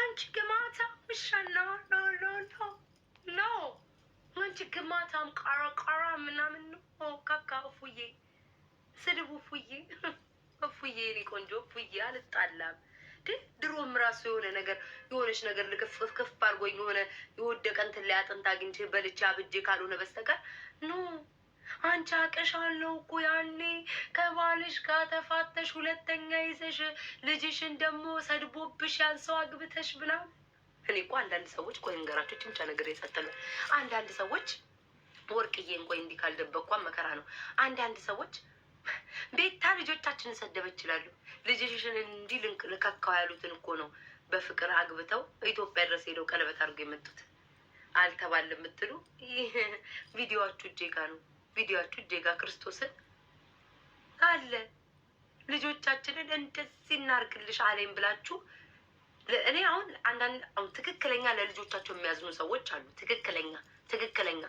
አንቺ ግማታ ውሻ ኖ ኖ ኖ ኖ ኖ አንቺ ግማታም ቃራ ቃራ ምናምን ኖ ካካ እፉዬ ስድቡ እፉዬ እፉዬ እኔ ቆንጆ እፉዬ አልጣላም። ግን ድሮም ራሱ የሆነ ነገር የሆነች ነገር ልክፍክፍ አድርጎኝ የሆነ የወደቀ እንትን ላይ አጥንት አግኝቼ በልቼ አብጄ ካልሆነ በስተቀር ኖ አንቺ አቅሻለሁ እኮ ያን ልጅ ካተፋተሽ ሁለተኛ ይዘሽ ልጅሽን ደግሞ ሰድቦብሻል ሰው አግብተሽ ብላ። እኔ እኮ አንዳንድ ሰዎች ቆይ እንገራቸው ጭምጫ ነገር የጸጠሉ አንዳንድ ሰዎች ወርቅዬን ቆይ እንዲህ ካልደበኳ መከራ ነው። አንዳንድ ሰዎች ቤታ ልጆቻችንን ሰደበ ይችላሉ። ልጅሽን እንዲህ ልከካው ያሉትን እኮ ነው በፍቅር አግብተው ኢትዮጵያ ድረስ ሄደው ቀለበት አድርገው የመጡት አልተባል የምትሉ ቪዲዮዋችሁ እጄ ጋ ነው። ቪዲዮዋችሁ እጄ ጋ ክርስቶስን አለ ልጆቻችንን እንደዚህ እናርግልሽ አለኝ ብላችሁ እኔ አሁን አንዳንድ አሁን ትክክለኛ ለልጆቻቸው የሚያዝኑ ሰዎች አሉ። ትክክለኛ ትክክለኛ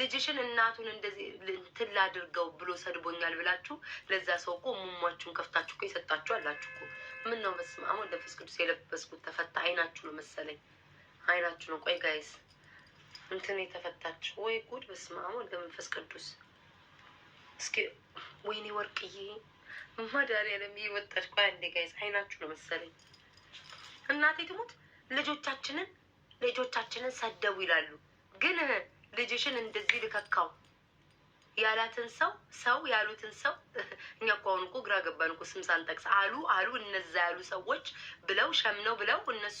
ልጅሽን እናቱን እንደዚህ ትል አድርገው ብሎ ሰድቦኛል ብላችሁ ለዛ ሰው እኮ ሙሟችሁን ከፍታችሁ እኮ የሰጣችሁ አላችሁ እኮ። ምን ነው በስመ አብ ወወልድ ቅዱስ የለበስኩት ተፈታ። አይናችሁ ነው መሰለኝ፣ አይናችሁ ነው። ቆይ ጋይስ እንትን የተፈታችሁ ወይ ጉድ! በስመ አብ ወወልድ ቅዱስ እስኪ ወይኔ ወርቅዬ መድኃኒዓለም ይወጣሽ። ቆይ አንዴ ጋይዝ አይናችሁ ነው መሰለኝ። እናቴ ትሙት ልጆቻችንን ልጆቻችንን ሰደቡ ይላሉ፣ ግን ልጅሽን እንደዚህ ልከካው ያላትን ሰው ሰው ያሉትን ሰው እኛ እኮ አሁን እኮ ግራ ገባን እኮ ስም ሳንጠቅስ አሉ አሉ እነዛ ያሉ ሰዎች ብለው ሸምነው ብለው እነሱ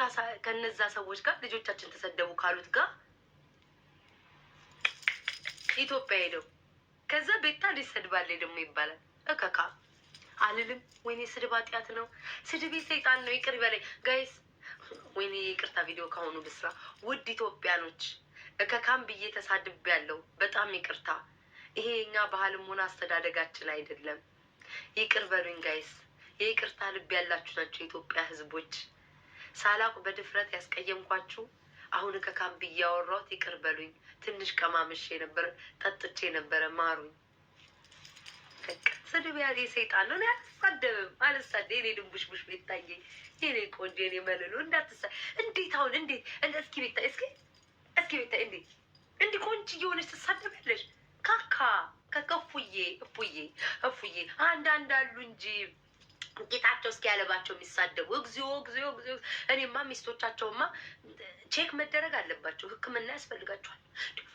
ራሳ ከነዛ ሰዎች ጋር ልጆቻችን ተሰደቡ ካሉት ጋር ኢትዮጵያ ሄደው ከዛ ቤታ ሊሰድባለ ደግሞ ይባላል። እከካ አልልም። ወይኔ ስድብ ኃጢአት ነው። ስድቤ ሰይጣን ነው። ይቅር በላይ ጋይስ። ወይኔ ይቅርታ ቪዲዮ ከሆኑ ብስራ ውድ ኢትዮጵያኖች እከካም ብዬ ተሳድብ ያለው በጣም ይቅርታ። ይሄ የኛ ባህልም ሆነ አስተዳደጋችን አይደለም። ይቅር በሉኝ ጋይስ። የይቅርታ ልብ ያላችሁ ናቸው የኢትዮጵያ ህዝቦች። ሳላቁ በድፍረት ያስቀየምኳችሁ አሁን ከካምፕ እያወራሁት ይቅር በሉኝ። ትንሽ ቀማምሼ ነበረ፣ ጠጥቼ ነበረ፣ ማሩኝ። ስድብ ያዜ ሰይጣን ነው። አልሳደብም፣ አልሳደ የኔ ድንቡሽቡሽ ቤታዬ፣ የኔ ቆንጆ፣ የኔ መልሉ እንዳትሳ። እንዴት አሁን እንዴት እስኪ ቤታ እስኪ እስኪ ቤታ እንዴ እንዲህ ቆንጆ እየሆነች ትሳደባለች? ካካ ከከፉዬ እፉዬ እፉዬ አንዳንድ አሉ እንጂ ጌታቸው ያለባቸው የሚሳደቡ እግዚኦ እግዚኦ እግዚኦ። እኔማ ሚስቶቻቸውማ ቼክ መደረግ አለባቸው፣ ሕክምና ያስፈልጋቸዋል።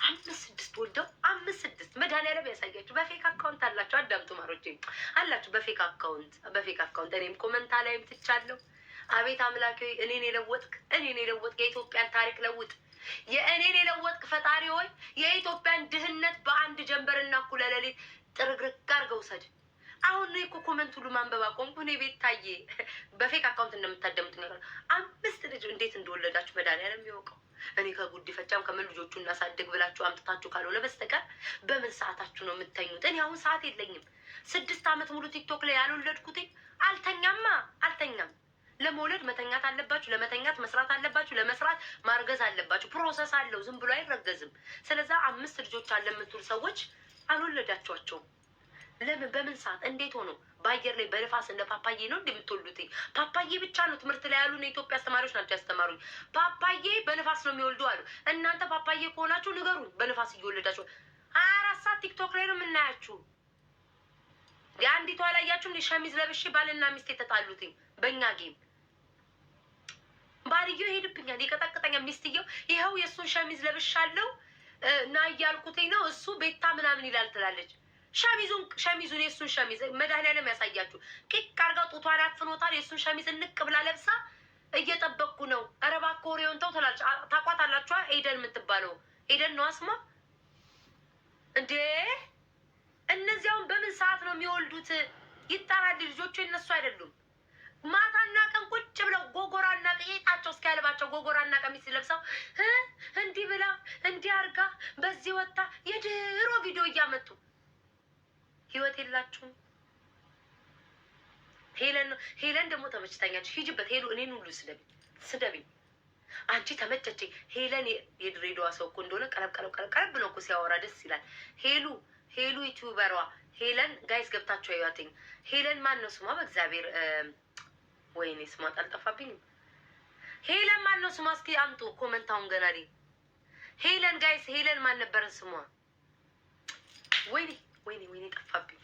አምስት ስድስት ወልደው አምስት ስድስት መድኃኒዓለም ያሳያቸው። በፌክ አካውንት አላቸው። አዳምጡ ማሮች አላቸው በፌክ አካውንት በፌክ አካውንት። እኔም ኮመንታ ላይም ትቻለሁ። አቤት አምላኬ፣ እኔን የለወጥክ እኔን የለወጥክ የኢትዮጵያን ታሪክ ለውጥ የእኔን የለወጥክ ፈጣሪ ሆይ የኢትዮጵያን ድህነት በአንድ ጀንበርና እኩለ ሌሊት ጥርግርግ አድርገህ ውሰድ። አሁን ነው እኮ ኮመንት ሁሉ ማንበብ አቆምኩ። እኔ ቤት ታየ በፌክ አካውንት እንደምታደምት ነገር አምስት ልጅ እንዴት እንደወለዳችሁ መድኃኒዓለም የሚያውቀው። እኔ ፈጫም ከምን ልጆቹ እናሳድግ ብላችሁ አምጥታችሁ ካልሆነ በስተቀር በምን ሰዓታችሁ ነው የምተኙት? እኔ አሁን ሰዓት የለኝም። ስድስት ዓመት ሙሉ ቲክቶክ ላይ ያልወለድኩትኝ አልተኛማ አልተኛም። ለመውለድ መተኛት አለባችሁ፣ ለመተኛት መስራት አለባችሁ፣ ለመስራት ማርገዝ አለባችሁ። ፕሮሰስ አለው፣ ዝም ብሎ አይረገዝም። ስለዛ አምስት ልጆች አለ የምትሉ ሰዎች አልወለዳችኋቸውም። ለምን በምን ሰዓት እንዴት ሆኖ በአየር ላይ በንፋስ እንደ ፓፓዬ ነው እንደምትወልዱት? ፓፓዬ ብቻ ነው ትምህርት ላይ ያሉ የኢትዮጵያ አስተማሪዎች ናቸው ያስተማሩኝ። ፓፓዬ በንፋስ ነው የሚወልዱ አሉ። እናንተ ፓፓዬ ከሆናችሁ ንገሩ በንፋስ እየወለዳችሁ ሀያ አራት ሰዓት ቲክቶክ ላይ ነው የምናያችሁ። የአንዲቷ አላያችሁም? ሸሚዝ ለብሼ ባልና ሚስት የተጣሉትኝ በእኛ ጌም ባልየው ይሄድብኛል፣ ይቀጠቅጠኛል። ሚስትየው ይኸው የእሱን ሸሚዝ ለብሻለሁ እና እያልኩትኝ ነው እሱ ቤታ ምናምን ይላል ትላለች። ሸሚዙን ሸሚዙን የእሱን ሸሚዝ መድኃኒዓለም ያሳያችሁ። ቂቅ አርጋ ጡቷን አፍኖታል። የእሱን ሸሚዝ እንቅ ብላ ለብሳ እየጠበቅኩ ነው። ኧረ እባክህ ወሬውን ተው ትላለች። ታቋታላችኋ ኤደን የምትባለው ኤደን ነው አስማ እንዴ እነዚያውን በምን ሰዓት ነው የሚወልዱት? ይጣራል። ልጆቹ የነሱ አይደሉም። ማታና ቀን ቁጭ ብለው ጎጎራና ቅጣቸው እስኪያልባቸው ጎጎራና ቀሚስ ለብሰው እንዲህ ብላ ህይወት የላችሁም። ሄለን ሄለን ደግሞ ተመችታኛችሁ ሂጅበት። ሄሉ እኔን ሁሉ ስደብኝ ስደብኝ አንቺ ተመቸችኝ። ሄለን የድሬዳዋ ሰው እኮ እንደሆነ ቀረብ ቀረብ ቀረብ ቀረብ ነው እኮ ሲያወራ ደስ ይላል። ሄሉ ሄሉ ዩቲዩበሯ ሄለን ጋይስ ገብታችሁ አዩዋትኝ። ሄለን ማን ነው ስሟ? በእግዚአብሔር ወይኔ ስሟ አልጠፋብኝም። ሄለን ማን ነው ስሟ? እስኪ አምጡ ኮመንታውን ገና ሄለን ጋይስ ሄለን ማን ነበረ ስሟ? ወይኔ ወይኔ ወይኔ ጠፋብኝ።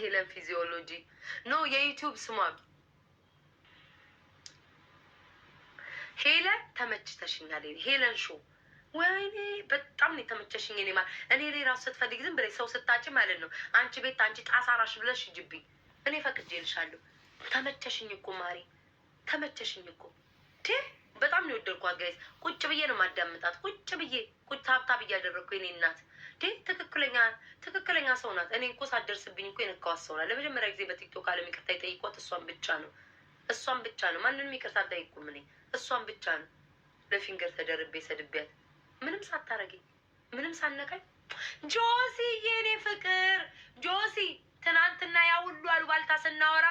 ሄለን ፊዚዮሎጂ ኖ የዩቲዩብ ስሟ ሄለን ተመችተሽኛል። ሄለን ሾ ወይኔ በጣም ነው የተመቸሽኝ። እኔ ማ እኔ ላይ ራሱ ስትፈልግ ዝም ብለሽ ሰው ስታጭ ማለት ነው አንቺ ቤት አንቺ ጣሳራሽ ብለሽ ጅብኝ እኔ ፈቅጄልሻለሁ። ተመቸሽኝ እኮ ማሪ፣ ተመቸሽኝ እኮ ቴ በጣም ነው የወደድኳት። ጋይዝ ቁጭ ብዬ ነው ማዳምጣት። ቁጭ ብዬ ቁጭ ታብታብ እያደረግኩ የኔ እናት ትክክለኛ ትክክለኛ ሰው ናት። እኔ እኮ ሳደርስብኝ እኮ የነካዋት ሰው ናት። ለመጀመሪያ ጊዜ በቲክቶክ አለም ይቅርታ የጠይቋት እሷን ብቻ ነው እሷን ብቻ ነው። ማንንም ይቅርታ አልጠይቁም። እኔ እሷን ብቻ ነው። ለፊንገር ተደርቤ ሰድቤያት ምንም ሳታረገኝ ምንም ሳነካኝ። ጆሲ የኔ ፍቅር ጆሲ፣ ትናንትና ያ ሁሉ አሉባልታ ስናወራ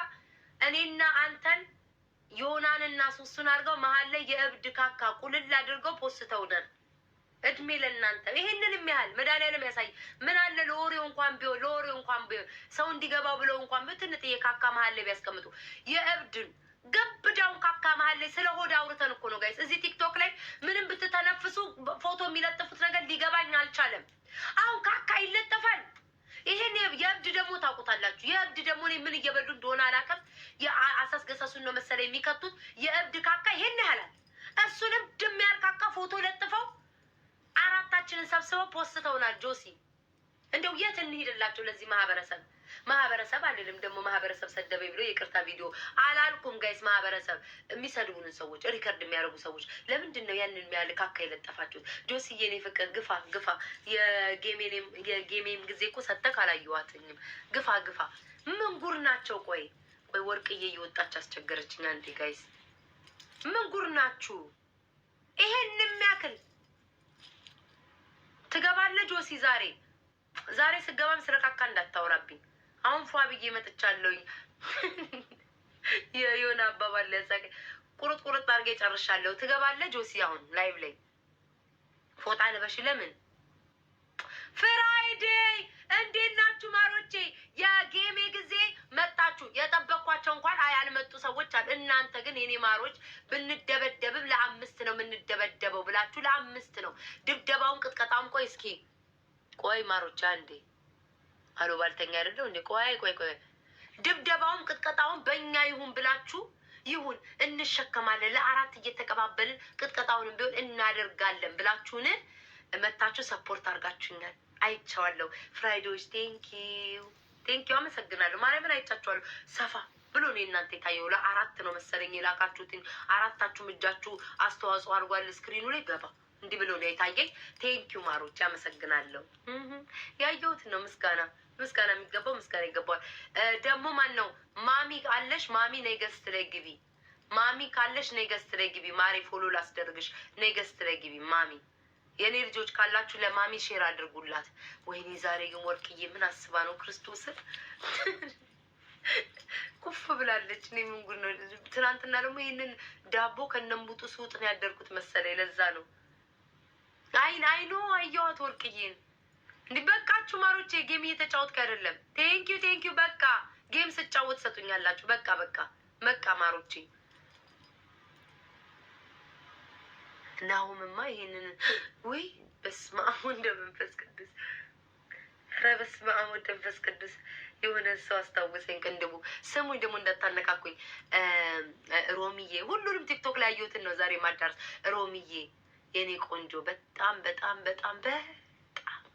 እኔና አንተን ዮናንና ሶስቱን አድርገው መሀል ላይ የእብድ ካካ ቁልል አድርገው ፖስተውናል። እድሜ ለእናንተ ይሄንን የሚያህል መድኃኒዓለም ያሳይ። ምን አለ ለወሬው እንኳን ቢሆን ለወሬው እንኳን ቢሆን ሰው እንዲገባው ብለው እንኳን ቢሆን ትንጥዬ ካካ መሀል ላይ ቢያስቀምጡ የእብድን ገብዳውን ካካ መሀል ላይ ስለ ሆድ አውርተን እኮ ነው ጋይስ። እዚህ ቲክቶክ ላይ ምንም ብትተነፍሱ ፎቶ የሚለጥፉት ነገር ሊገባኝ አልቻለም። አሁን ካካ ይለጠፋል። ይሄን የእብድ ደግሞ ታውቁታላችሁ። የእብድ ደግሞ እኔ ምን እየበሉ እንደሆነ አላውቅም። የአሳስገሳሱን ነው መሰለኝ የሚከቱት። የእብድ ካካ ይሄን ያህላል። እሱንም ድም ያል ካካ ፎቶ ለጥፈው ሁላችንን ሰብስበው ፖስተውናል። ጆሲ እንደው የት እንሂድላቸው? ለዚህ ማህበረሰብ ማህበረሰብ አልልም ደግሞ ማህበረሰብ ሰደበኝ ብሎ የቅርታ ቪዲዮ አላልኩም ጋይስ። ማህበረሰብ የሚሰድቡንን ሰዎች ሪከርድ የሚያደርጉ ሰዎች ለምንድን ነው ያንን የሚያልክ የለጠፋችሁት? ጆሲ የኔ ፍቅር ግፋ ግፋ፣ የጌሜም ጊዜ እኮ ሰተክ አላየዋትኝም። ግፋ ግፋ፣ ምን ጉር ናቸው? ቆይ ቆይ፣ ወርቅዬ እየወጣች አስቸገረችኝ። አንዴ ጋይስ፣ ምን ጉር ናችሁ? ይሄን የሚያክል ሶሲ ዛሬ ዛሬ ስገባም ስረካካ እንዳታወራብኝ። አሁን ፏ ብዬ መጥቻለሁ። የዮና አባባል ሊያሳቀኝ ቁርጥ ቁርጥ አድርጌ ጨርሻለሁ። ትገባለህ ጆሲ አሁን ላይቭ ላይ ፎጣ ልበሽ። ለምን ፍራይዴይ እንዴት ናችሁ ማሮቼ? የጌሜ ጊዜ መጣችሁ። የጠበቅኳቸው እንኳን ያልመጡ ሰዎች አሉ። እናንተ ግን የኔ ማሮች ብንደበደብም ለአምስት ነው የምንደበደበው ብላችሁ ለአምስት ነው ድብደባውን ቅጥቀጣም። ቆይ እስኪ ቆይ ማሮቻ እንዴ አሎ ባልተኛ አይደለው እንዴ? ቆይ ቆይ ቆይ ድብደባውም ቅጥቀጣውም በእኛ ይሁን ብላችሁ ይሁን እንሸከማለን፣ ለአራት እየተቀባበልን ቅጥቀጣውንም ቢሆን እናደርጋለን ብላችሁን መታችሁ ሰፖርት አድርጋችሁኛል። አይቸዋለሁ ፍራይዶች ቴንኪዩ ቴንኪዩ፣ አመሰግናለሁ። ማርያምን አይቻችኋለሁ። ሰፋ ብሎ ነው እናንተ የታየው። ለአራት ነው መሰለኝ የላካችሁትን አራታችሁም እጃችሁ አስተዋጽኦ አድርጓል። ስክሪኑ ላይ ገባ እንዲህ ብሎ ነው የታየኝ። ቴንኪዩ ማሮች፣ አመሰግናለሁ። ያየሁትን ነው ምስጋና ምስጋና የሚገባው ምስጋና ይገባዋል። ደግሞ ማን ነው ማሚ አለሽ? ማሚ ነይ ገስት ላይ ግቢ። ማሚ ካለሽ ነይ ገስት ላይ ግቢ። ማሪ ፎሎ ላስደርግሽ፣ ነይ ገስት ላይ ግቢ ማሚ የእኔ ልጆች ካላችሁ ለማሚ ሼር አድርጉላት። ወይኔ ዛሬ ግን ወርቅዬ ምን አስባ ነው ክርስቶስን ኩፍ ብላለች። እኔ ምን ነው! ትናንትና ደግሞ ይህንን ዳቦ ከነንቡጡ ስውጥ ነው ያደርጉት መሰለኝ። ለዛ ነው አይን አይኖ አየዋት ወርቅዬን። እንዲ በቃችሁ ማሮቼ፣ ጌም እየተጫወትክ አይደለም። ቴንኪዩ ቴንኪዩ። በቃ ጌም ስጫወት ሰጡኛላችሁ። በቃ በቃ በቃ ማሮቼ። ናሁምማ ይሄንን ወይ በስመ አብ ወወልድ ወመንፈስ ቅዱስ ኧረ በስመ አብ ወወልድ ወመንፈስ ቅዱስ። የሆነ ሰው አስታወሰኝ። ቅንድቡ ስሙኝ ደግሞ እንዳታነካኩኝ ሮሚዬ። ሁሉንም ቲክቶክ ላይ ያየሁትን ነው ዛሬ ማዳረስ ሮሚዬ የኔ ቆንጆ በጣም በጣም በጣም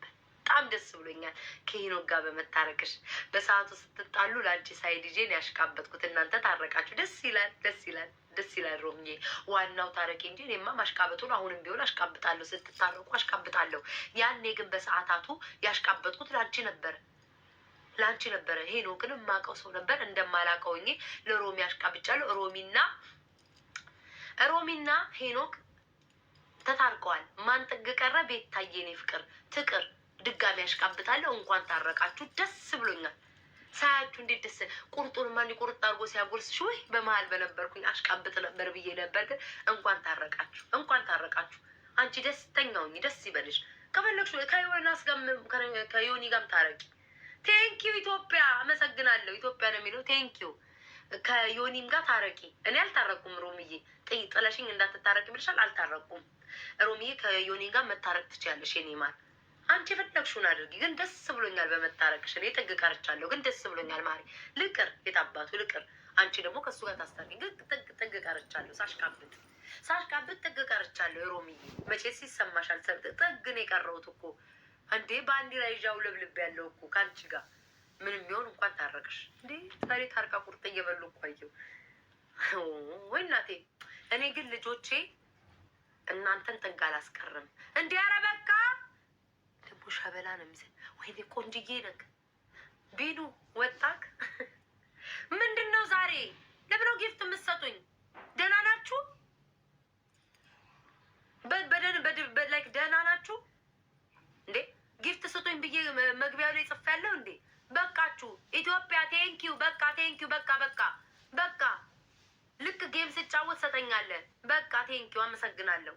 በጣም ደስ ብሎኛል ከሄኖክ ጋር በመታረቅሽ። በሰዓቱ ስትጣሉ ለአንቺ ሳይድ ይዤን ያሽቃበጥኩት እናንተ ታረቃችሁ። ደስ ይላል፣ ደስ ይላል፣ ደስ ይላል። ሮምዬ ዋናው ታረቂ እንጂ እኔማ ማሽቃበጡን አሁንም ቢሆን አሽቃብጣለሁ። ስትታረቁ አሽቃብጣለሁ። ያኔ ግን በሰዓታቱ ያሽቃበጥኩት ላንቺ ነበር፣ ላንቺ ነበረ። ሄኖ ግን የማውቀው ሰው ነበር እንደማላውቀው እኔ ለሮሚ አሽቃብጫለሁ። ሮሚና ሮሚና ሄኖክ ተታርቀዋል። ማን ጥግ ቀረ? ቤታዬ የኔ ፍቅር ትቅር። ድጋሚ ያሽቃብጣለሁ። እንኳን ታረቃችሁ፣ ደስ ብሎኛል። ሳያችሁ እንዴት ደስ ቁርጡን ማን ቁርጥ አድርጎ ሲያጎርስሽ፣ ወይ በመሀል በነበርኩኝ አሽቃብጥ ነበር ብዬ ነበር። ግን እንኳን ታረቃችሁ፣ እንኳን ታረቃችሁ። አንቺ ደስተኛውኝ ደስ ይበልሽ። ከፈለግሽ ከዮናስ ጋር ከዮኒ ጋር ታረቂ። ቴንኪው ኢትዮጵያ፣ አመሰግናለሁ። ኢትዮጵያ ነው የሚለው ቴንኪው ከዮኒም ጋር ታረቂ። እኔ አልታረቁም። ሮምዬ ጥይ ጥለሽኝ እንዳትታረቂ ብልሻል። አልታረቁም። ሮሚ ከዮኒ ጋር መታረቅ ትችያለሽ። የኔማን አንቺ የፈለግሽውን አድርጊ፣ ግን ደስ ብሎኛል በመታረቅሽ። እኔ ጥግ ቀርቻለሁ፣ ግን ደስ ብሎኛል። ማሪ ልቅር፣ የታባቱ ልቅር። አንቺ ደግሞ ከእሱ ጋር ታስታርቂ። ግን ጥግ ቀርቻለሁ፣ ሳሽቃብት ሳሽቃብት ጥግ ቀርቻለሁ። ሮሚ መቼ ሲሰማሻል? ጥግ ነው የቀረውት እኮ እንዴ ላይ ዣው ለብልብ ያለው እኮ ከአንቺ ጋር ምንም ቢሆን እንኳን ታረቅሽ። እንዴ ዛሬ ታርቃ ቁርጥ እየበሉ እኳየው ወይ እናቴ። እኔ ግን ልጆቼ እናንተን ጥግ አላስቀርም። እንዲ ኧረ በቃ ደግሞ ሸበላ ነው የሚሰ ወይኔ ቆንጅዬ ነክ ቢኑ ወጣክ ምንድን ነው ዛሬ ለምነው ጊፍት የምትሰጡኝ? ደህና ናችሁ? ላይክ ደህና ናችሁ እንዴ? ጊፍት ስጡኝ ብዬ መግቢያው ላይ ጽፌያለሁ እንዴ? በቃችሁ ኢትዮጵያ ቴንኪው። በቃ ቴንኪው። በቃ በቃ ጌም ስጫወት ሰጠኛለን። በቃ ቴንኪው አመሰግናለሁ።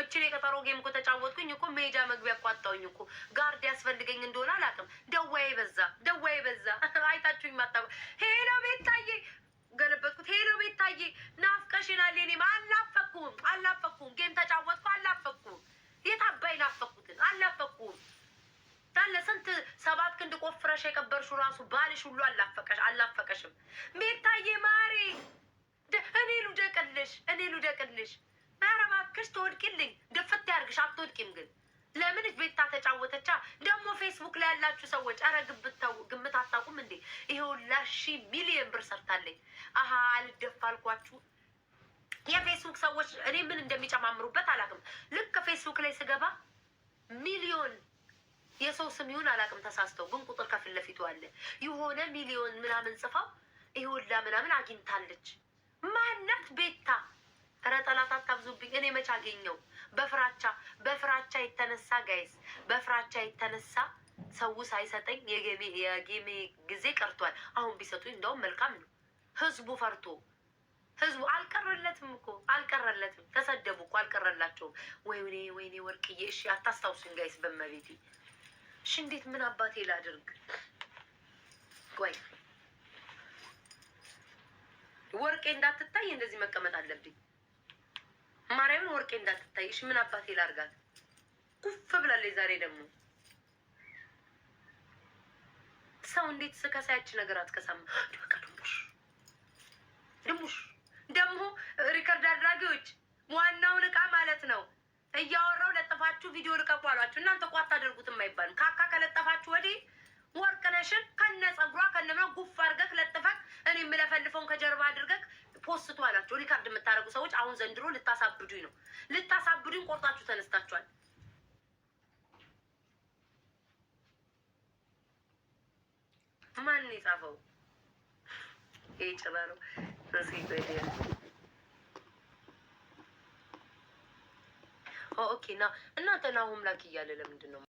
እችን የቀጠሮ ጌም እኮ ተጫወትኩኝ እኮ ሜጃ መግቢያ ቋጣውኝ እኮ ጋርድ ያስፈልገኝ እንደሆነ አላውቅም። ደዋዬ በዛ፣ ደዋዬ በዛ። አይታችሁኝ ማታ ሄሎ ቤታዬ ገለበጥኩት። ሄሎ ቤታዬ ናፍቀሽናል። እኔም አላፈኩም፣ አላፈኩም። ጌም ተጫወትኩ፣ አላፈኩም። የት አባይ ናፈኩትን፣ አላፈኩም። ታለ ስንት ሰባት ክንድ ቆፍረሽ የቀበርሹ ራሱ ባልሽ ሁሉ አላፈቀሽ፣ አላፈቀሽም ቤታዬ ማሬ እኔ ልውደቅልሽ፣ እኔ ልውደቅልሽ። ኧረ እባክሽ ትወድቂልኝ፣ ድፍት ያርግሽ። አትወድቂም ግን ለምን ቤታ ተጫወተቻ። ደግሞ ፌስቡክ ላይ ያላችሁ ሰዎች ኧረ ግምት አታውቁም እንዴ? ይሄ ሺ ሺህ ሚሊዮን ብር ሰርታለኝ። አሀ አልደፋ አልኳችሁ። የፌስቡክ ሰዎች እኔ ምን እንደሚጨማምሩበት አላውቅም። ልክ ፌስቡክ ላይ ስገባ ሚሊዮን የሰው ስም ይሁን አላውቅም፣ ተሳስተው ግን ቁጥር ከፊት ለፊቱ አለ የሆነ ሚሊዮን ምናምን ጽፋው ይሄ ምናምን አግኝታለች። ማናት ቤታ? ኧረ ጠላት አታብዙብኝ። እኔ መች አገኘው? በፍራቻ በፍራቻ የተነሳ ጋይስ፣ በፍራቻ የተነሳ ሰው ሳይሰጠኝ የጌሜ ጊዜ ቀርቷል። አሁን ቢሰጡኝ እንደውም መልካም ነው። ህዝቡ ፈርቶ ህዝቡ አልቀረለትም እኮ አልቀረለትም። ተሰደቡ እኮ አልቀረላቸውም። ወይኔ ወይኔ ወርቅዬ፣ እሺ አታስታውሱኝ ጋይስ፣ በመቤቴ እሺ። እንዴት ምን አባቴ ላድርግ? ቆይ ወርቄ እንዳትታይ እንደዚህ መቀመጥ አለብኝ። ማርያምን ወርቄ እንዳትታይ። እሺ ምን አባቴ ላርጋት? ኩፍ ብላለች። ዛሬ ደግሞ ሰው እንዴት ስከሳያች ነገር አትከሳም። በቃ ደግሞ ሪከርድ አድራጊዎች ዋናውን እቃ ማለት ነው እያወራው ለጠፋችሁ ቪዲዮ ልቀቁ አሏችሁ። እናንተ እኮ አታደርጉትም አይባልም። ካካ ከለጠፋችሁ ወዲህ ወርቅነሽን ከነ ጸጉሯ ከነምና ጉፍ አድርገህ ለጠ ናቸው። ሪካርድ የምታደርጉ ሰዎች አሁን ዘንድሮ ልታሳብዱኝ ነው። ልታሳብዱኝ ቆርጣችሁ ተነስታችኋል። ማን የጻፈው ይህ ጭባ ኦኬ ና እናንተ ናሁም ላክ እያለ ለምንድን ነው